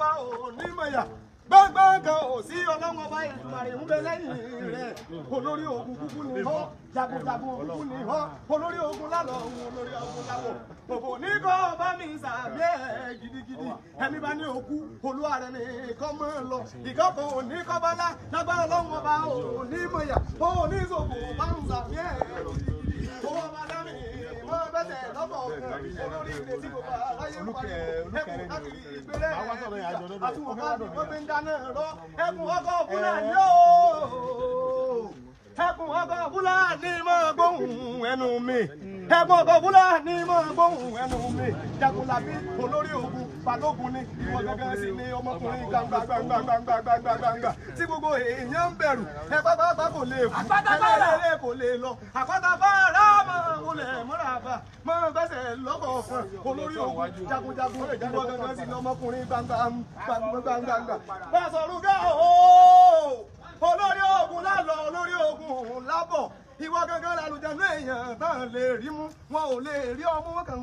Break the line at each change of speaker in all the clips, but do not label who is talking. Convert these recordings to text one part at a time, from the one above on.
ọba onímọ̀yà gbọ́ngbọ́n kan ò sí ọlọ́wọ́n ọba ìdùmarè ń bẹ lẹ́yìn rẹ̀ olórí ogun kúkú ni họ́ jagunjagun kúkú ni họ́ olórí ogun lálọ́ òun olórí ogun láwọ̀ òbò ní kọ́ ọba mi sàmì ẹ̀ gidigidi ẹni bá ní òkú olúwa rẹ̀ ní ikọ́ mọ́ ẹ lọ ìkọ́kọ̀ òní kọ́bọ́lá lágbára ọlọ́wọ́n ọba onímọ̀yà òní ìṣòfò bá ń sàmì ẹ̀ gidigidi mọ bẹsẹ̀ lọ́kọ̀ olórí ilé tí kò bá aráyé pariwo ẹkùn láti ìgbélẹ̀ ẹ̀ẹ́dẹ́gbẹ̀ta àti wọ́n bá mi wọ́n fi ń dáná lọ ẹkùn ọkọ̀ fúlàní ó ẹkùn ọkọ̀ fúlàní máa gbóhùn ẹnu mi ẹkùn ọkọ̀ fúlàní máa gbóhùn ẹnu mi Jagunlabi olórí ogun balógun ni ìwọ gẹ́gẹ́ sí ni ọmọkùnrin gbangba gbangba gbangba gbangba gbangba tí gbogbo èèyàn ń bẹ̀rù ẹ pápá kò lè fún ẹ lẹ́rẹ́ kò lè lọ àpáta fáárá lọ́kọ̀ olórí òun jagunjagun ìwọ gangan sí ọmọkùnrin gbangbangba Baṣọ̀run ooo olórí ogun lálọ olórí ogun lábọ̀ ìwọ gangan lálùjá náà èèyàn tán lè rí mú wọn ò lè rí ọmú wọn kàn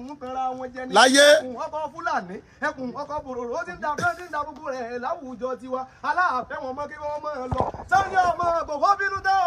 wọn jẹ ní. ẹkùn ọkọ fúlàní ẹkùn ọkọ bòròrò ó ti ń dàbí ó ti ń dàbùkù rẹ láwùjọ tiwa aláàfẹ wọn mọ kí wọn mọ lọ sani ọmọ gbogbo bínú tẹ ọ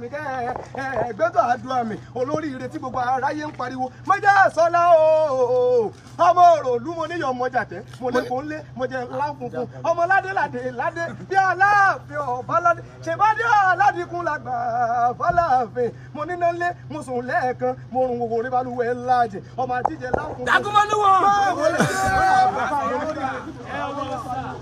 mi kẹ́ ẹ gbẹ́dọ̀ àdúrà mi olórí ire gbogbo aráyé ń pariwo mọ́jà sọ́lá o ọmọ òròlú mo níyàn ọmọ jàtẹ́ mo lè kó lé mo jẹ lákùnkùn ọmọ ládé ládé ládé bí aláàfin ọ̀bá ládé ṣèbádé aládìkún làgbà fọláàfin mo níná lé mo sùn lẹ́ẹ̀kan mo rùn wòwò rí balùwẹ̀ láàjì ọmọ àtijẹ lákùnkùn. dàgúmọ́lúwọ̀. báwo ni ẹ wọ sá.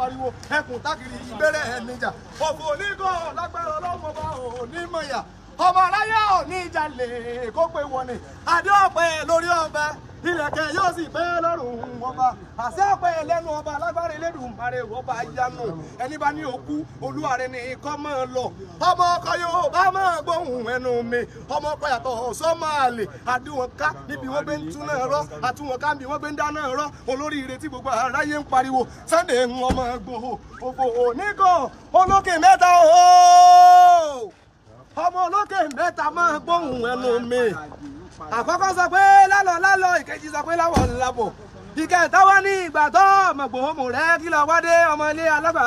pariwo ẹkùn tákìrì ìbẹ̀rẹ̀ ẹ̀ níjà òfò onígọ̀ lágbára ọlọ́run ọba onímọ̀yà ọmọ aráyé òní ìjàlè kó pé wọ̀nì adé ọ̀pẹ lórí ọ̀bẹ ilẹ̀kẹ̀ yóò sì pẹ́ lọ́rùn elédùn ọba àṣẹ àpẹyẹ lẹ́nu ọba alágbára elédùn mare ọba ayanu ẹni bá ní òkú olúwa rẹ ní ikọ́ máa lọ ọmọ ọkọ yorùbá máa gbóhùn ẹnu mi ọmọ ọkọ yàtọ̀ sọ́mọ àlè àdúwọn ká níbi wọ́n gbé ń tún náà rọ́ níbi wọ́n gbé ń dáná rọ́ olórí ìrètí gbogbo aráyé ń pariwo Sunday ń ọmọ gbòho òfò onígò olókè mẹ́ta ooo ọmọ olókè mẹ́ta máa gbóhùn ẹnu mi àkọ́kọ́ sọ pé lálọ́ lálọ́ ìkejì sọ pé láwọ̀ lábọ̀ ìkẹta wá ní ìgbà tó ọmọgbòhomò rẹ kí lọ wádé ọmọ ilé alábà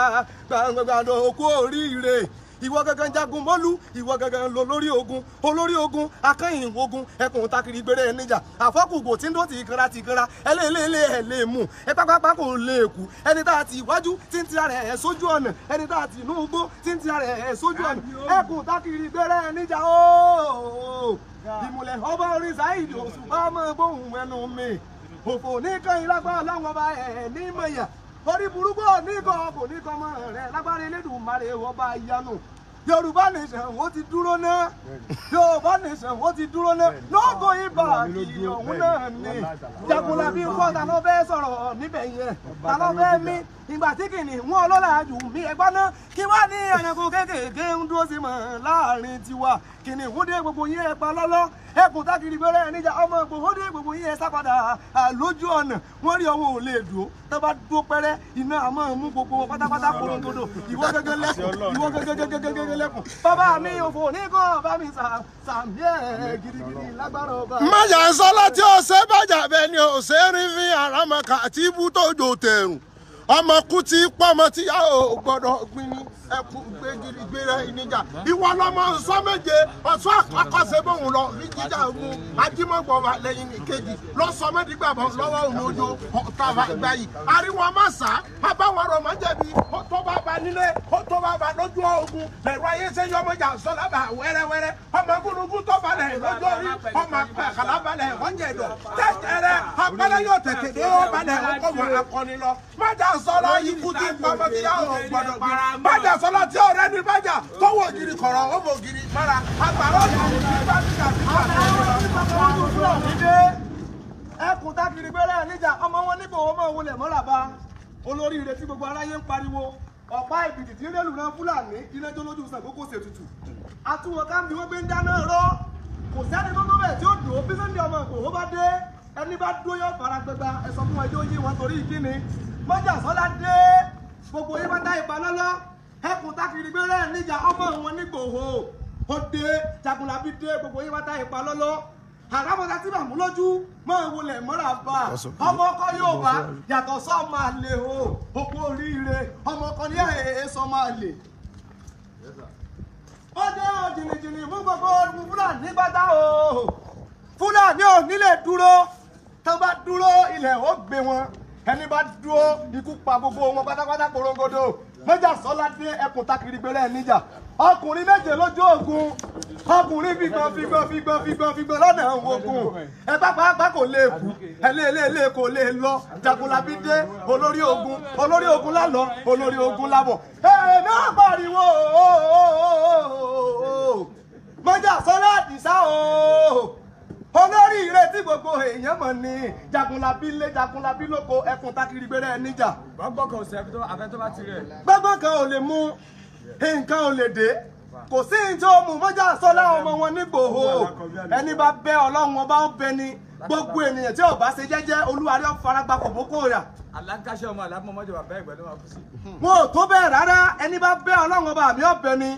gbàngbàndàn òkú oríire ìwọ gangan jagun mọ́lú ìwọ gangan lo lórí ogun olórí ogun akẹ́yìn ogun ẹkùn takiri gbére níjà àfọ́kùgò tí ń dó ti kanra ti kanra ẹlẹ́ẹ̀lẹ́ẹ̀lẹ́ ẹ̀ lè mú ẹ pápápá kò lè kú ẹni tá a ti iwájú tí ń tira rẹ̀ ẹ̀ sójú ọ̀nà ẹni tá a ti inú igbó tí ń tira rẹ̀ ẹ̀ sójú ọ̀nà ẹkùn takiri gbére níjà ooo ìmùlẹ̀ ọba orin sáyid òṣùpá máa gbóhùn ẹnu mi òfò nìkan ìlágbára ọlọ́run ọba ẹ̀ ní mọ̀yà orí burúkú nìkan kò nìkan mọ̀ rẹ̀ lágbára elédùnmarè ọba ìyanu yorùbá nation ó ti dúró náà yorùbá nation ó ti dúró náà lóògùn ibà kì òun náà ni Jagunlabi ńkọ́ ta ló fẹ́ sọ̀rọ̀ níbẹ̀ yẹn ta ló fẹ́ mí ìgbà tí kìnnì wọn ọlọ́lá jù mí ẹgbẹ́ náà kí wá ní ẹranko kéékèèké ń dúró sí mọ̀ láàrin tiwa kìnìún ìwúndé gbogbo yín ẹ pa lọ́lọ́ ẹkùn tákìrì bẹ́rẹ̀ níjà ọmọ ìgbòhóndé gbogbo yín ẹ sápadà lójú ọ̀nà wọ́n rí ọwọ́ ò lè dúró tó bá dúró pẹ́rẹ́ iná àmọ́ mú gbogbo pátápátá korongodo ìwọ gẹ́gẹ́ lẹ́kùn ìwọ gẹ́gẹ́ lẹ́kùn bàbá mi òfò onígàn bá mi sàmì ẹ̀ gidigidi lágbára ọba. májà ń sọ láti bàjẹ́ bẹ́ẹ̀ ni ọ̀sẹ̀ rí fi àràmọ̀kà àti ọmọ kú ti pọ́mọ tí a ò gbọ́dọ̀ gbin ní ẹkú gbẹ́gìrì gbéra ìníjà ìwọ lọmọ ọ̀sán méje ọ̀sán akọ́sẹ́ bóun lọ rí jíjà mú ajímọ̀gbọ̀n wa lẹ́yìn ìkejì lọ́sọ̀ mẹ́dígbàbọ̀ lọ́wọ́ ònòjò tàbá gbàyì àríwọ̀ mọ̀sá abáwọn ọ̀rọ̀ mọ́jẹ̀bi tó bá ba nílé tó bá ba lójú ogun lẹ́rọ ayé ṣe yọmọjà sọlábà wẹ́rẹ́wẹ́rẹ́ ọmọ gúnugún tó balẹ̀ lójú orí ọmọ àkàlà balẹ̀ ọ̀jẹ̀dọ̀ tẹ̀tẹ̀rẹ̀ yóò tètè dé ó balẹ̀ sọ́lá ikú tí ń pamọ́ tí yà ọ̀ gbọ́dọ̀ gbé bàjà sọ́lá tí ọ̀rẹ́ ní bàjà tó wọ ògiri kọ̀rọ̀ ó mọ ògiri mọ́ra àgbàrá ọ̀dọ̀ ní bá mi kà sí pàtó. ẹkùn tákìrì gbélé níjà ọmọ wọn níbo wọn máa wọlé mọ́ra bá olóríire tí gbogbo aráyé ń pariwo ọ̀pá ìbìtì tí rélù náà fúlàní iná tó lójú sàn kókó ṣètùtù àtúwọ̀ káńbí wọ́n gbé ń dáná rọ́ kò sẹ́ni tó tó bẹ̀ tí ó dùn ó bí sẹ́ni ọmọ ìgbòho bá dé ẹni bá dúró yọ fara gbẹgba ẹ fún wọn ẹjọ́ yé wọn torí ìkíni mọ́jà sọ́lá dé gbogbo yìí máa dá ìbá lọ́lọ́ ẹkùn tákìrì gbére níjà ọmọ wọn nígbòho ó dé Jagunlabi dé gbogbo yìí máa dá ìbá lọ́lọ́ àràbọ̀dá tí màmú lójú mọ ìwọlẹ̀ mọ́ra bá ọmọ ọkọ yóò bá yàtọ̀ sọ máa lè o òkú oríire ọmọ ọkọ ní ẹ̀ẹ́sọ sọ máa lè. ó dé o jìnnìjìnnì mú gbogbo fúlàní gbádá o fúlàní ò nílẹ̀ dúró tó bá dúró ilẹ̀ ó gbé wọn ẹni bá dúró ikú pa gbogbo wọn pátápátá korongodo méjà sọlá dé ẹkùn takirigbèrè ẹ níjà ọkùnrin méje lójú ogun ọkùnrin fígbọn fígbọn fígbọn fígbọn fígbọn lọ́nà àwọn ogun ẹ bá pàápàá kò lè kú ẹ lé lé lé kò lè lọ jagunlabi dé olórí ogun olórí ogun lálọ olórí ogun lábọ̀ èmi ò pariwo méjà sọlá dìsá ooo olórí ire tí gbogbo èèyàn mọ̀ ni jagunlabi lé jagunlabi lóko ẹkùn takirigbere ẹ níjà. gbọ́gbọ́n kan ò sí afẹ́ tó bá ti rẹ̀. gbọ́gbọ́n kan ò lè mú nǹkan ò lè dé kò sí ní tí ó mú mọ́jà sọ́lá ọmọ wọn nígbòho ẹni bá bẹ ọlọ́run ọba ó bẹ ni gbogbo ènìyàn tí ò bá ṣe jẹ́jẹ́ olúwarí ọ̀faragba kò mọ́kò rà. alákàṣe ọmọ alámọmọdé wà bẹ́ẹ̀ gbẹ́dọ́ máa kú sí. wọn ò tó bẹ́ẹ̀ rárá ẹni bá bẹ́ ọlọ́run ọba àmì ọ̀bẹ ni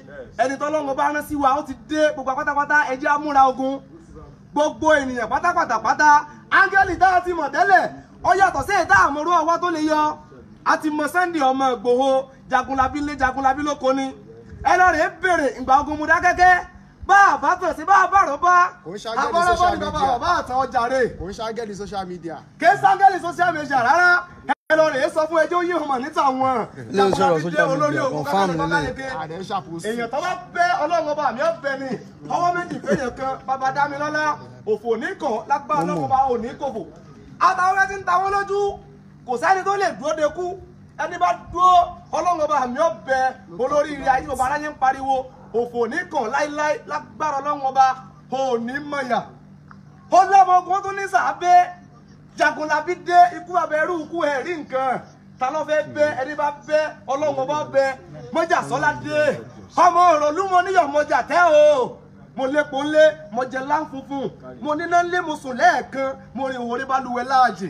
ẹni tọ́lọ́run ọba rán sí wa ó ti dé gbogbo pátápátá ẹjẹ́ amúra ogun gbogbo ènìyàn pátápátá pátá áńgẹ́lì tá a ti mọ̀ tẹ́lẹ̀ ó yàtọ̀ sí èyí tá a mọ̀rú ọwọ́ tó lè yọ a ti mọ Sunday ọmọ Ìgbòho jagunlabi lé jagunlabi lóko ni ẹ lọ rèé bèrè ìgbà ogun Modákẹ́kẹ́ bá a bá tàn sí bá a bá rọ bá abọ́lọ́bọ́ ni bàbá rọ̀ bá àtàn ọjà rè. kò ń ṣàgẹ́lì social media. kì í social media rárá ẹ lọ rèé sọ fún ẹjọ́ yìí hàn níta wọn dàpọ̀ àbídé olórí òkú káfíńtà bàbá lè pe èèyàn tó bá bẹ́ ọlọ́run ọba mi ó bẹ ni ọwọ́ méjì péye kan bàbá dámilọ́lá òfò oníkan lágbá ọlọ́run ọba oníkòfò àtàwọn ẹni tí ń ta wọn lójú kò sẹ́ni tó lè dúró de kú ẹni bá dúró ọlọ́run ọba mi ó bẹ olórí ilé ayé ọba aráyé ń pariwo òfò oníkan láíláí lágbára ọlọ́run ọba òní mọ̀yà ó lọ́mọ ogun tó ní sàábẹ́ Jagunlabi dé ikú bàbá ẹrú ikú ẹ̀ rí nǹkan ta ló fẹ́ bẹ́ ẹni bá bẹ́ ọlọ́run bá bẹ́ mọ́jà sọ́lá dé ọmọ òròlúmọ níyọ̀ mọ́jà tẹ́ o mo lépo ńlé mo jẹ láǹfunfun mo níná ńlé mo sùn lẹ́ẹ̀kan mo rìn òwòrè bá luwẹ̀ láàjì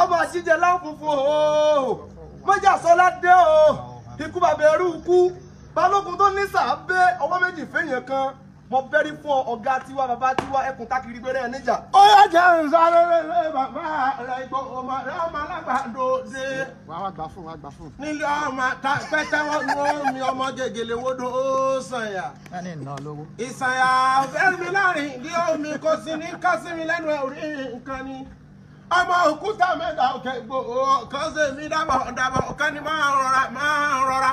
ọmọ àjíjẹ láǹfunfun o mọ́jà sọ́lá dé o ikú bàbá ẹrú ikú balógun tó ní sàá bẹ́ ọwọ́ méjì fẹ́yìn kan mo bẹ́rí fún ọ̀gá tiwa bàbá tiwa ẹkùn tákìrí gbére ẹ̀ níjà. ó yà jẹ́ nsáré lẹ́lẹ́ bàbá rẹ̀ ìgbọ́ ọmọ rẹ̀ ọmọ alágbàdo dé. wàá wá gbà fún wàá gbà fún. nílé ọmọ ta pẹ́tẹ́ wọn ní omi ọmọ gègèlè wodò ó sànyà. ẹni ìná lówó. ìsànyà fẹ́mi láàrin ìdí omi kò sí ní kásìmí lẹ́nu orí nǹkan ni. ọmọ òkúta mẹ́ta òkè gbòó kọ́sẹ̀ mi dábọ̀ dábọ̀ kánni máa rọra máa rọra.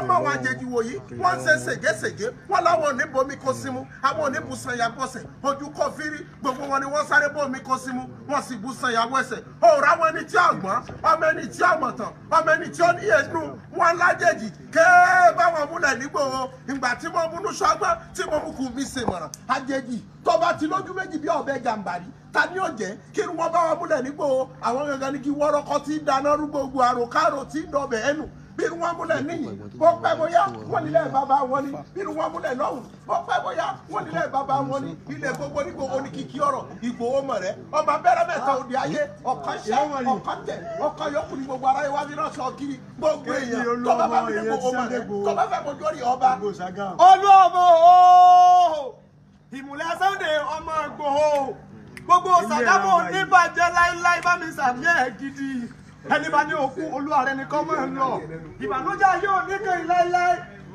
wọ́n bá wọn àjèjì wòyí wọ́n ṣe ṣègéṣègé wọ́n láwọn ò ní bomi kó símu àwọn ò ní bu sanyabọ́sẹ̀ ojú kọ fírí gbogbo wọn ni wọ́n sáré bomi kó símu wọ́n sì bu sanyawo ẹsẹ̀ òòrùn àwọn ẹni tí àgbọ̀n ọmọ ẹni tí àmọ̀tàn ọmọ ẹni tí ó ní ẹnu wọn lájèjì kéé báwọn múlẹ̀ nígbò o ìgbà tí mo múnú ṣọgbọ́n tí mo mú kù mí ṣèmọ̀ràn àjèjì tó bá ti lójú méjì bí ọ̀bẹ jàǹbàrí ta ni yóò jẹ kí wọn bá wọn múlẹ̀ nígbò àwọn gangan ni kí wọ́rọ́kọ́ ti dáná rú gbogbo àròkárò tí ń ẹnu bínú wọn múlẹ̀ níyìn bó pẹ́ bóyá wọ́n nílẹ̀ bàbá wọn ni bínú wọn múlẹ̀ lọ́hùn bó pẹ́ bóyá wọ́n nílẹ̀ bàbá wọn ni ilẹ̀ gbogbo nígbò oníkìkí ọ̀rọ̀ ìgbò ọmọ rẹ̀ ọba bẹ́rẹ̀ mẹ́ta òde ayé ọ̀kan ṣẹ́ ọ̀kan tẹ̀ ọ̀kan yòókù ní gbogbo ara iwájú náà sọ kiri gbogbo èèyàn tó bá bá lè gbogbo ọmọ rẹ̀ tó bá fẹ́ kojú ọba. olúọmọ ooo ìmùlẹ̀ Sunday ọmọ Ìgbòho gbogbo Ṣàgámù níbàjẹ́ láíláí bá mi sàmì ẹ̀ gidi ẹni bá ní òkú olúwa rẹ nìkan mọ̀ lọ ìbànújẹ́ ayé òní kan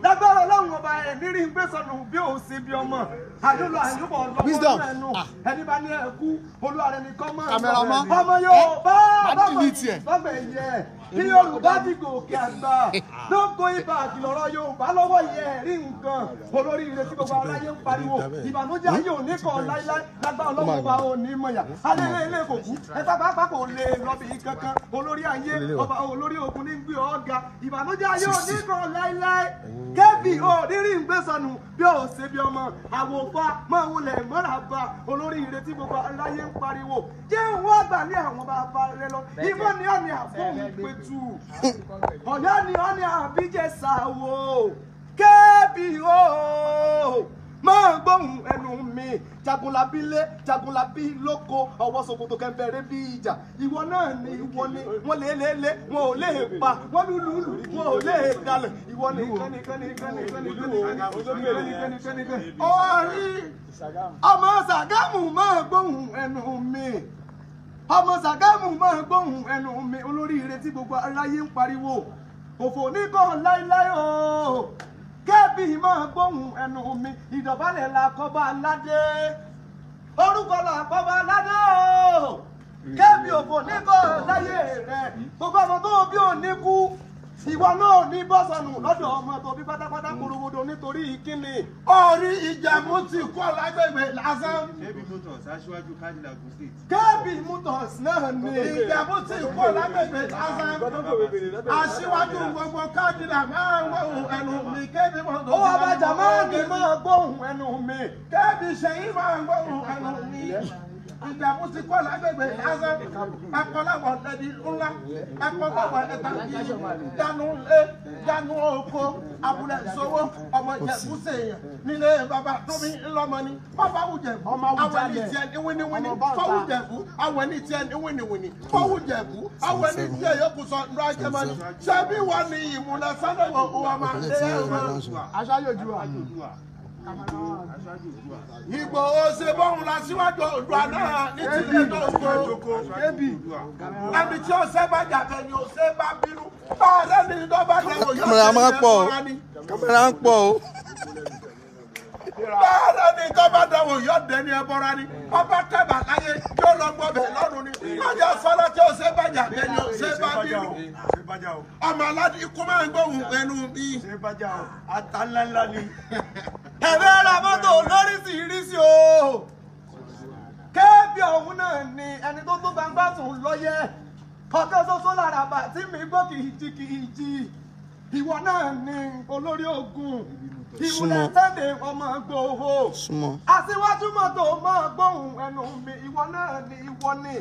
lágbára ọlọ́run ọba ẹ̀ nírí ń gbé sọnù bí òun sí bí ọmọ àdúrà àyùbọ̀ lọ́wọ́ mẹ́nu ẹni bá ní ẹ̀kú olúwa rẹ nìkan mọ̀ lọ ọmọ yóò bá bàbá mi lọ́gbẹ̀ẹ́ yẹ kí yorùbá ti gòkè àgbà don't go back lọ́rọ̀ yorùbá lọ́wọ́ yẹ rí nǹkan olórí ire tí gbogbo aráyé ń pariwo ìbànújẹ́ ayé òní kan láíláí lágbá ọlọ́run bá òní mọ̀yà alẹ́lẹ́ ilé kò kú ẹ̀fà pápá kò lè lọ́bì kankan olórí ayé ọba olórí ogun ní gbé ọ̀gá ìbànújẹ́ ayé òní kan láíláí kébì òdírí ìgbésànù bí ò ṣe bí ọmọ àwòfá máa wulẹ̀ ba olórí ire tí gbogbo aráyé ń pariwo jẹ́ ìwọ́n àgbà ní àwọn bàbá rẹ lọ ìmọ̀ ní àmì àfọ̀hún pé ìtù ọ̀yọ́ ni ọ́ ní àbíjẹsà wò kébì o máa gbóhùn ẹnu mi jagunlabi lé jagunlabi lóko ọwọ́ ṣòkòtò kẹfẹ́rẹ́ bí ìjà ìwọ náà ni ìwọ ni wọ́n lé lé lé wọn ò lè pa wọ́n lù lù lù wọn ò lè dalẹ̀ ìwọ ni kẹ́ni kẹ́ni kẹ́ni kẹ́ni kẹ́ni kẹ́ni kẹ́ni kẹ́ni kẹ́ni. ọ̀rí ọmọ Ṣàgámù máa gbóhùn ẹnu mi ọmọ Ṣàgámù máa gbóhùn ẹnu mi olóríire tí gbogbo aráyé ń pariwo òfò nígàn láíláí o kẹ́bí máa gbóhùn ẹnu mi ìdọ̀bálẹ̀ la kọ́ba aládé orúkọ la kọ́ba aládé o kẹ́bí òfò nígàn láyé rẹ̀ gbogbo ọmọ tó bí ò ìwọ náà ní bọ́sọ̀nù lọ́dọ̀ ọmọ tó bí pátápátá korogodo nítorí ìkíni. orí ìjẹ̀mú ti kọ́ lágbègbè lásán. kébì motors aṣíwájú kájìlá kù sí. kébì motors náà ni. ìjẹ̀mú ti kọ́ lágbègbè lásán. aṣíwájú gbogbo kájìlá máa ń gbóhùn ẹnu mi kébì motors. ó wàá bàjẹ́ máa ń gbóhùn ẹnu mi kébì ṣèyí máa ń gbóhùn ẹnu mi ìdààmú ti kọ́ lágbègbè lásán akọ́láwọ̀ lẹ́ni ńlá akọ́láwọ̀ ẹ̀dàbí dánú lé dánú oko abúlé ìṣòwò ọmọ ìjẹ̀bú sèèyàn nílé bàbá tómi ńlọmọ ni bàbá wùjẹ̀bú àwọn ẹni tiẹ̀ ní wíníwíní fọwùjẹ̀bú àwọn ẹni tiẹ̀ ní wíníwíní fọwùjẹ̀bú àwọn ẹni tiẹ̀ yókù sọ ńlọ ajẹmọ́ni ṣebí wọn ni ìmúlẹ̀ sálẹ̀ wọ̀ Ìgbòho ṣe bọ́hùn la síwájú Oòduà náà ní tìlẹ̀ tó gbó. Ẹni tí ó ṣe bá jàfẹ́ ni ó ṣe bá bínú. Bá a lẹ́ni tó bá jẹ́ òyìnbó ṣe máa ń pọ̀ Kámẹ́rà ń pọ̀ o. Bá a lẹ́ni tó bá jẹ́ òyìnbó dẹni ẹbọra ni. Bàbá tẹ̀bà láyé yóò lọ gbọ́ bẹ̀ lọ́rùn ni. Lọ́jà sọ́lá tí ó ṣe bá jàfẹ́ ni ó ṣe bá bínú. Ọmọ aládìí kú máa gbóhùn ẹnu mi. Ṣé bá ẹ̀fẹ́ ra mọ́tò lóríṣiríṣi o kébì ọ̀hún náà ni ẹni tó tó gbangba sùn lọ́yẹ ọ̀kan ṣoṣo lára bá tí mi gbọ́ kì í jí kì í jí ìwọ náà ni olórí ogun ìwúlẹ̀ sẹ́ndé ọmọ gbòòho aṣíwájú mọ́tò máa gbóhùn ẹnu mi ìwọ náà ni ìwọ ni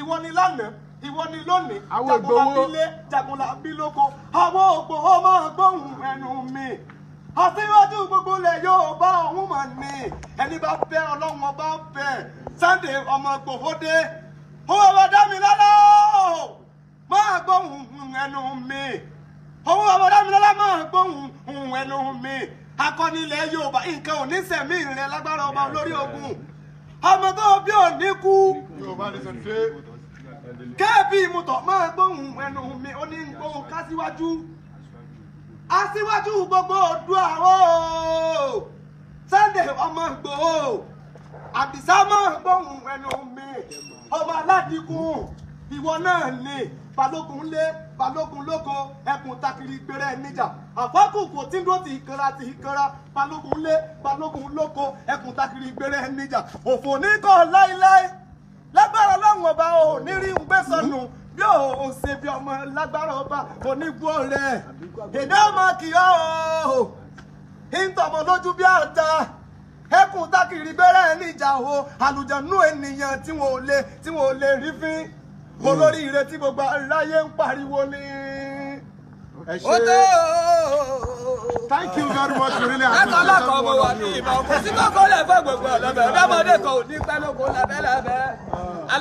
ìwọ ni lánàá ìwọ ni lónìí jagunlabi lé jagunlabi lóko àwọn ògbóhó máa gbóhùn ẹnu mi aṣíwájú gbogbo ilẹ̀ Yorùbá ọ̀hún mà ní ẹni bá bẹ ọlọ́run ọba bẹ Sunday ọmọ Ìgbòho ó wá bá dá mi lọ́lá máa gbóhùn ẹnu mi òun bàbá dá mi lọ́lá máa gbóhùn ẹnu mi akọni ilẹ̀ Yorùbá nǹkan ò ní sẹ̀mí rẹ lágbára ọba olórí ogun ọmọ tó bí ò ní kú kẹ́ẹ̀bì ìmùtọ̀ máa gbóhùn ẹnu mi ó ní gbóhùn kásíwájú aṣíwájú gbogbo Oòduà o Sunday ọmọ Ìgbòho àbísá mọ gbóhùn ẹnu mi ọmọ aládìkún ìwọ náà ni balógun lé balógun lóko ẹkùn takiri gbèrè níjà àfọkùnkùn tí ń dúró ti ìkanra ti ìkanra balógun lé balógun lóko ẹkùn takiri gbèrè níjà òfò ní kọ láíláí lágbára Ọlọ́run ọba ò ní rí ń gbé sọnù bí o ṣe bí ọmọ lágbára ọba onígbó rẹ̀ dèdè ọmọ kì í ọ́ ìtọ̀mọ̀ lójú bí àta ẹkùn tákìrí gbẹ́rẹ́ níjà o àlùjànnú ènìyàn tí wọn ò lè tí wọn ò lè rí fín hmm. olórí ire tí gbogbo aráyé ń pariwo ni. Thank you very much. Ẹ̀ka lọ́kọ̀ mo